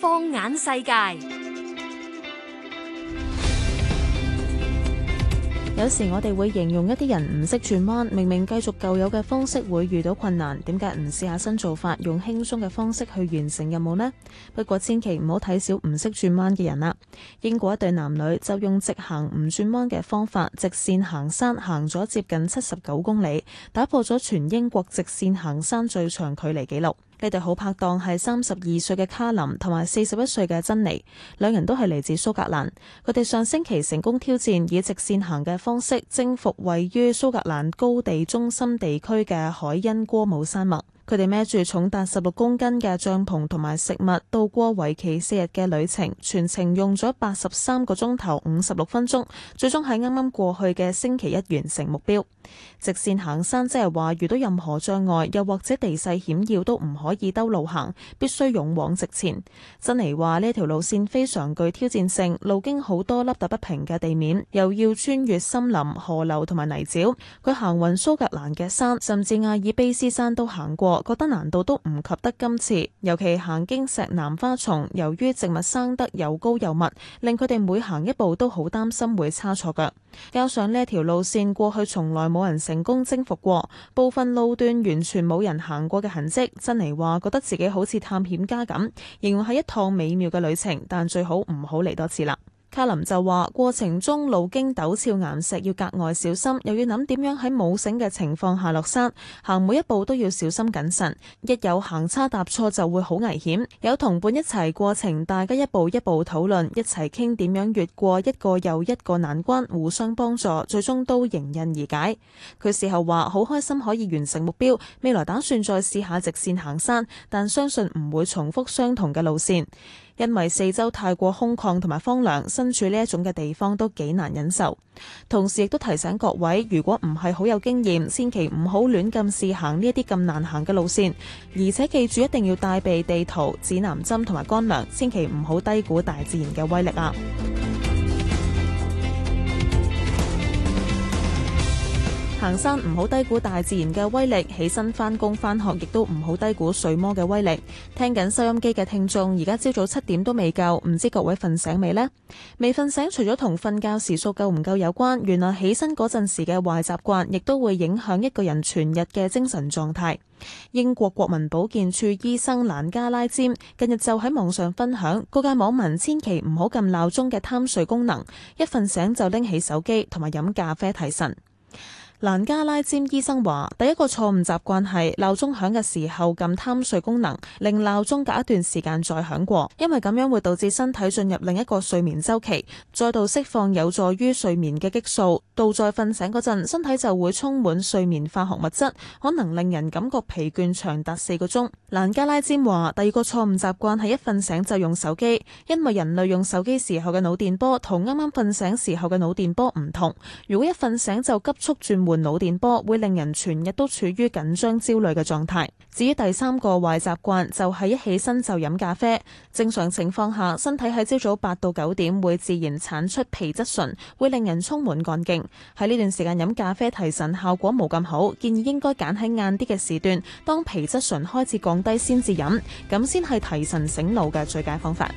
放眼世界。有時我哋會形容一啲人唔識轉彎，明明繼續舊有嘅方式會遇到困難，點解唔試下新做法，用輕鬆嘅方式去完成任務呢？不過千祈唔好睇小唔識轉彎嘅人啦！英國一對男女就用直行唔轉彎嘅方法，直綫行山行咗接近七十九公里，打破咗全英國直綫行山最長距離紀錄。呢對好拍檔係三十二歲嘅卡林同埋四十一歲嘅珍妮，兩人都係嚟自蘇格蘭。佢哋上星期成功挑戰以直線行嘅方式征服位於蘇格蘭高地中心地區嘅海因戈姆山脈。佢哋孭住重達十六公斤嘅帳篷同埋食物，度過為期四日嘅旅程，全程用咗八十三個鐘頭五十六分鐘，最終喺啱啱過去嘅星期一完成目標。直線行山，即係話遇到任何障礙，又或者地勢險要都唔可以兜路行，必須勇往直前。珍妮話呢條路線非常具挑戰性，路經好多凹凸不平嘅地面，又要穿越森林、河流同埋泥沼。佢行匀蘇格蘭嘅山，甚至阿爾卑斯山都行過。覺得難度都唔及得今次，尤其行經石南花叢，由於植物生得又高又密，令佢哋每行一步都好擔心會差錯腳。加上呢條路線過去從來冇人成功征服過，部分路段完全冇人行過嘅痕跡，珍妮話覺得自己好似探險家咁，形容係一趟美妙嘅旅程，但最好唔好嚟多次啦。卡林就話：過程中路經陡峭岩石，要格外小心，又要諗點樣喺冇繩嘅情況下落山，行每一步都要小心謹慎，一有行差踏錯就會好危險。有同伴一齊過程，大家一步一步討論，一齊傾點樣越過一個又一個難關，互相幫助，最終都迎刃而解。佢事後話：好開心可以完成目標，未來打算再試下直線行山，但相信唔會重複相同嘅路線。因為四周太過空曠同埋荒涼，身處呢一種嘅地方都幾難忍受。同時亦都提醒各位，如果唔係好有經驗，千祈唔好亂咁試行呢一啲咁難行嘅路線。而且記住一定要帶備地圖、指南針同埋乾糧，千祈唔好低估大自然嘅威力啊！行山唔好低估大自然嘅威力，起身翻工翻學亦都唔好低估睡魔嘅威力。聽緊收音機嘅聽眾，而家朝早七點都未夠，唔知各位瞓醒未呢？未瞓醒，除咗同瞓覺時數夠唔夠有關，原來起身嗰陣時嘅壞習慣，亦都會影響一個人全日嘅精神狀態。英國國民保健署醫生蘭加拉尖近日就喺網上分享，各界網民千祈唔好撳鬧鐘嘅貪睡功能，一瞓醒就拎起手機同埋飲咖啡提神。蘭加拉詹醫生話：第一個錯誤習慣係鬧鐘響嘅時候撳貪睡功能，令鬧鐘隔一段時間再響過，因為咁樣會導致身體進入另一個睡眠週期，再度釋放有助於睡眠嘅激素，到再瞓醒嗰陣，身體就會充滿睡眠化學物質，可能令人感覺疲倦長達四個鐘。蘭加拉詹話：第二個錯誤習慣係一瞓醒就用手機，因為人類用手機時候嘅腦電波同啱啱瞓醒時候嘅腦電波唔同，如果一瞓醒就急速轉換。換腦電波會令人全日都處於緊張焦慮嘅狀態。至於第三個壞習慣就係一起身就飲咖啡。正常情況下，身體喺朝早八到九點會自然產出皮質醇，會令人充滿幹勁。喺呢段時間飲咖啡提神效果冇咁好，建議應該揀喺晏啲嘅時段，當皮質醇開始降低先至飲，咁先係提神醒腦嘅最佳方法。